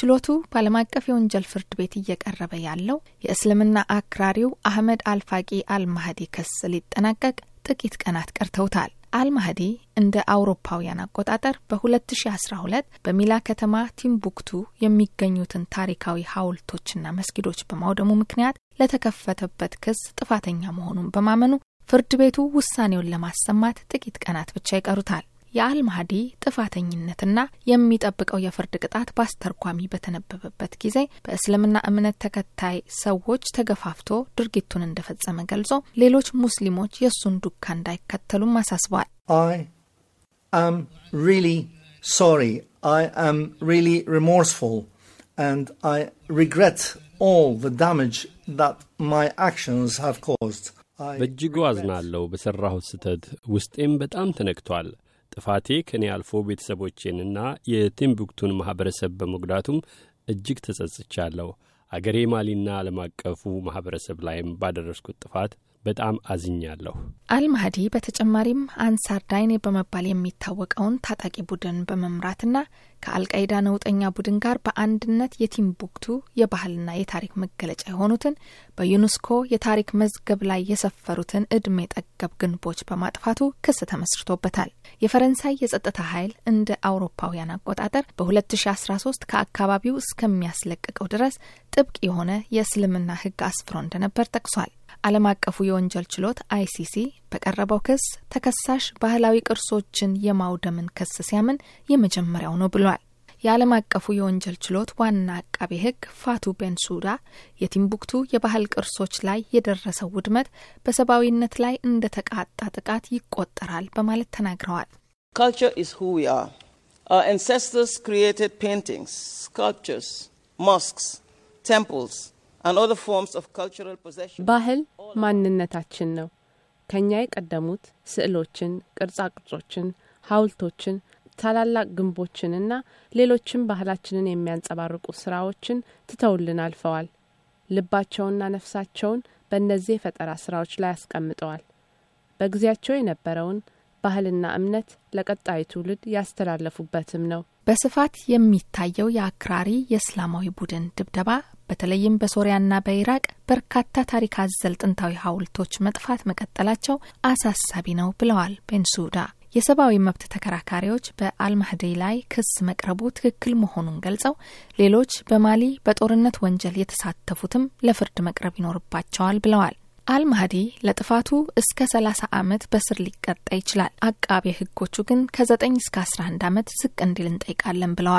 ችሎቱ በዓለም አቀፍ የወንጀል ፍርድ ቤት እየቀረበ ያለው የእስልምና አክራሪው አህመድ አልፋቂ አልማህዲ ክስ ሊጠናቀቅ ጥቂት ቀናት ቀርተውታል። አልማህዲ እንደ አውሮፓውያን አቆጣጠር በ2012 በሚላ ከተማ ቲምቡክቱ የሚገኙትን ታሪካዊ ሐውልቶችና መስጊዶች በማውደሙ ምክንያት ለተከፈተበት ክስ ጥፋተኛ መሆኑን በማመኑ ፍርድ ቤቱ ውሳኔውን ለማሰማት ጥቂት ቀናት ብቻ ይቀሩታል። የአልማህዲ ጥፋተኝነትና የሚጠብቀው የፍርድ ቅጣት በአስተርጓሚ በተነበበበት ጊዜ በእስልምና እምነት ተከታይ ሰዎች ተገፋፍቶ ድርጊቱን እንደፈጸመ ገልጾ ሌሎች ሙስሊሞች የእሱን ዱካ እንዳይከተሉም አሳስበዋል። በእጅጉ አዝናለሁ። በሠራሁት ስህተት ውስጤም በጣም ተነክቷል። ጥፋቴ ከኔ አልፎ ቤተሰቦቼንና የቲምቡክቱን ማኅበረሰብ በመጉዳቱም እጅግ ተጸጽቻለሁ። አገሬ ማሊና ዓለም አቀፉ ማኅበረሰብ ላይም ባደረስኩት ጥፋት በጣም አዝኛለሁ። አልማህዲ በተጨማሪም አንሳር ዳይኔ በመባል የሚታወቀውን ታጣቂ ቡድን በመምራትና ከአልቃይዳ ነውጠኛ ቡድን ጋር በአንድነት የቲምቡክቱ የባህልና የታሪክ መገለጫ የሆኑትን በዩኔስኮ የታሪክ መዝገብ ላይ የሰፈሩትን እድሜ ጠገብ ግንቦች በማጥፋቱ ክስ ተመስርቶበታል። የፈረንሳይ የጸጥታ ኃይል እንደ አውሮፓውያን አቆጣጠር በ2013 ከአካባቢው እስከሚያስለቅቀው ድረስ ጥብቅ የሆነ የእስልምና ሕግ አስፍሮ እንደነበር ጠቅሷል። ዓለም አቀፉ የወንጀል ችሎት አይሲሲ በቀረበው ክስ ተከሳሽ ባህላዊ ቅርሶችን የማውደምን ክስ ሲያምን የመጀመሪያው ነው ብሏል። የዓለም አቀፉ የወንጀል ችሎት ዋና አቃቤ ሕግ ፋቱ ቤንሱዳ የቲምቡክቱ የባህል ቅርሶች ላይ የደረሰው ውድመት በሰብአዊነት ላይ እንደ ተቃጣ ጥቃት ይቆጠራል በማለት ተናግረዋል። ስ ባህል ማንነታችን ነው። ከእኛ የቀደሙት ስዕሎችን፣ ቅርጻቅርጾችን፣ ሐውልቶችን፣ ታላላቅ ግንቦችንና ሌሎችም ባህላችንን የሚያንጸባርቁ ስራዎችን ትተውልን አልፈዋል። ልባቸውና ነፍሳቸውን በእነዚህ የፈጠራ ስራዎች ላይ አስቀምጠዋል። በጊዜያቸው የነበረውን ባህልና እምነት ለቀጣይ ትውልድ ያስተላለፉበትም ነው። በስፋት የሚታየው የአክራሪ የእስላማዊ ቡድን ድብደባ በተለይም በሶሪያና በኢራቅ በርካታ ታሪክ አዘል ጥንታዊ ሐውልቶች መጥፋት መቀጠላቸው አሳሳቢ ነው ብለዋል ቤንሱዳ። የሰብአዊ መብት ተከራካሪዎች በአልማህዴ ላይ ክስ መቅረቡ ትክክል መሆኑን ገልጸው ሌሎች በማሊ በጦርነት ወንጀል የተሳተፉትም ለፍርድ መቅረብ ይኖርባቸዋል ብለዋል። አልማህዲ ለጥፋቱ እስከ 30 ዓመት በስር ሊቀጣ ይችላል። አቃቤ ሕጎቹ ግን ከ9 እስከ 11 ዓመት ዝቅ እንዲል እንጠይቃለን ብለዋል።